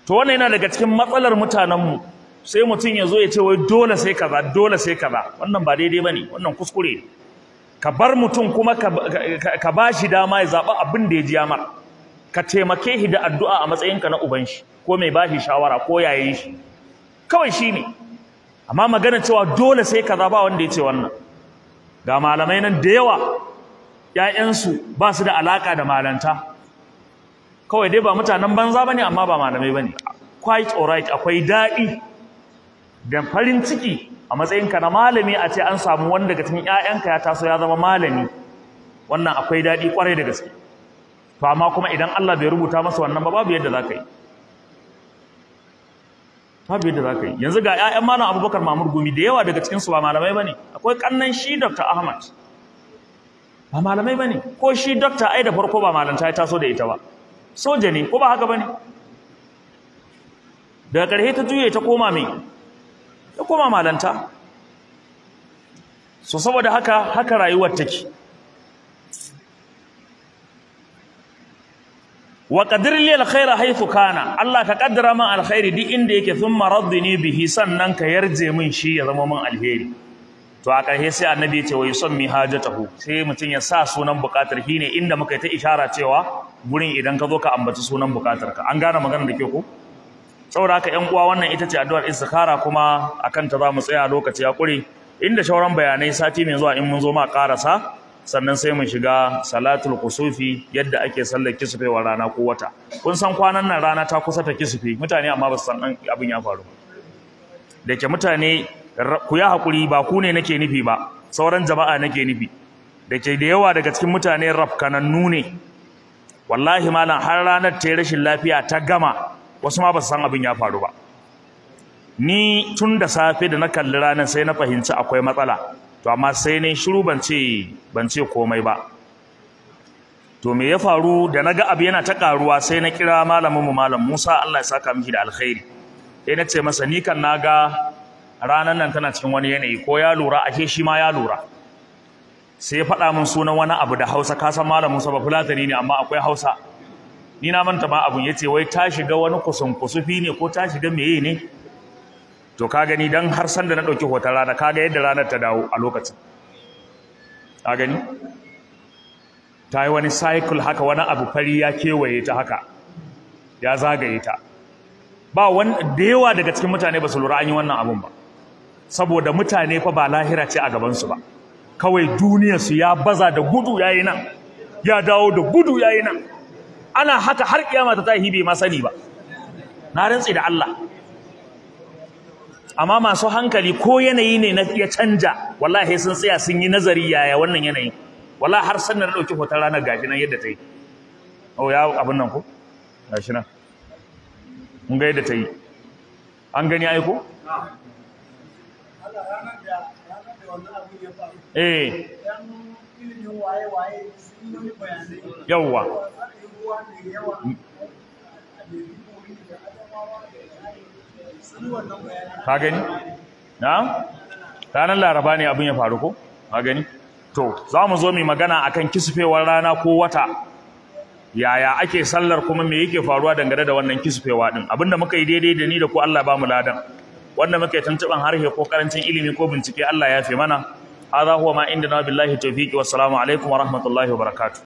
to wannan yana daga cikin matsalar mutanenmu sai mutum ya zo ya ce wai dole sai kaza dole sai kaza wannan ba daidai ba ne, wannan kuskure ka bar mutum kuma ka ba shi dama ya zaɓi abin da ya ji yamar ka taimake shi da addu'a a matsayinka na uban shi ko mai ba shi shawara ko yayin shi kawai shi ne amma magana cewa dole sai kaza ba wanda ya ce wannan ga malamai nan da yawa Ya'yansu ba su da alaƙa da malanta kawai dai ba mutanen banza ba ne amma ba malamai ba ne, quite alright akwai daɗi da farin ciki a matsayinka na malami a ce an samu wanda daga cikin 'ya'yanka ya taso ya zama malami wannan akwai daɗi kwarai da gaske Fama kuma idan Allah bai rubuta masa wannan ba babu yadda ka yi babu yadda ka yi yanzu ga 'ya'yan malam Abubakar Mamur Gumi da yawa daga cikinsu ba malamai ba ne. akwai kannan shi Dr. Ahmad ba malamai bane ko shi dokta ai da farko ba malanta ya taso da ita ba soja ne ko ba haka bane daga karhe ta juye ta koma mai ta koma malanta so saboda haka haka rayuwar take wa qadir li alkhaira haythu kana Allah ka kaddara min alkhairi duk inda yake thumma raddini bihi sannan ka yarje min shi ya zama min alheri to a ƙarshe sai annabi ya ce wa ta hajatahu sai mutum ya sa sunan buƙatar shine inda muka yi ta ishara cewa gurin idan ka zo ka ambaci sunan buƙatar ka an gane magana da ke ku? saboda haka ƴan uwa wannan ita ce addu'ar istikhara kuma akan ta za mu tsaya lokaci ya ƙure inda shauran bayanai sati mai zuwa in mun zo ma ƙarasa sannan sai mu shiga salatul kusufi yadda ake sallar wa rana ko wata kun san kwanan nan rana ta kusa ta kisufe mutane amma ba su san abin ya faru da ke mutane ku ya hakuri ba ku ne nake nufi ba sauran jama'a nake nufi da ke da yawa daga cikin mutane kanannu ne wallahi malam har ranar ta rashin lafiya ta gama wasu ma ba su san abin ya faru ba ni tun da safe da na kalli ranar sai na fahimci akwai matsala to amma sai ne shiru ban ce ban ce komai ba to me ya faru da na ga abu yana ta karuwa sai na kira malamin mu malam Musa Allah ya saka miki da alkhairi sai na ce masa ni kan na ga ranan nan tana cikin wani yanayi ko ya lura ake shi ma ya lura sai ya faɗa min sunan wani abu da Hausa ka san malamin sa ba Fulatani ne amma akwai Hausa ni na manta ma abun yace wai ta shiga wani kusun kusufi ne ko ta shiga meye ne to ka gani dan har san da na dauki hoton rana ka ga yadda ranar ta dawo a lokacin ka gani ta yi wani cycle haka wani abu fari ya kewaye ta haka ya zagaye ta ba wani da yawa daga cikin mutane ba su lura an yi wannan abun ba saboda mutane fa ba lahira ce a gabansu ba kawai duniyarsu ya baza da gudu yi nan ya dawo da gudu yi nan ana haka har kiyama ta tahi bai ma sani ba na rantsi da Allah amma masu hankali ko yanayi ne na ya canja wallahi sun tsaya sun yi nazari yaya wannan yanayin wallahi har sannan na dauki hoton ranar gashi nan yadda ta yi oh ya abin nan ko gashi nan mun ga yadda ta yi an gani ai ko eh yawwa ka gani na ranar laraba ne abin ya faru ko ka gani to za mu zo mai magana akan kisufewar rana ko wata yaya ake sallar kuma me yake faruwa dangane da wannan kisufewa din abinda muka yi daidai da ni da ku Allah ba mu ladan wanda muke tuntuban harshe ko karancin ilimi ko bincike Allah ya fi mana hadha huwa ma indana billahi tawfiqi wassalamu alaikum wa rahmatullahi wa barakatuh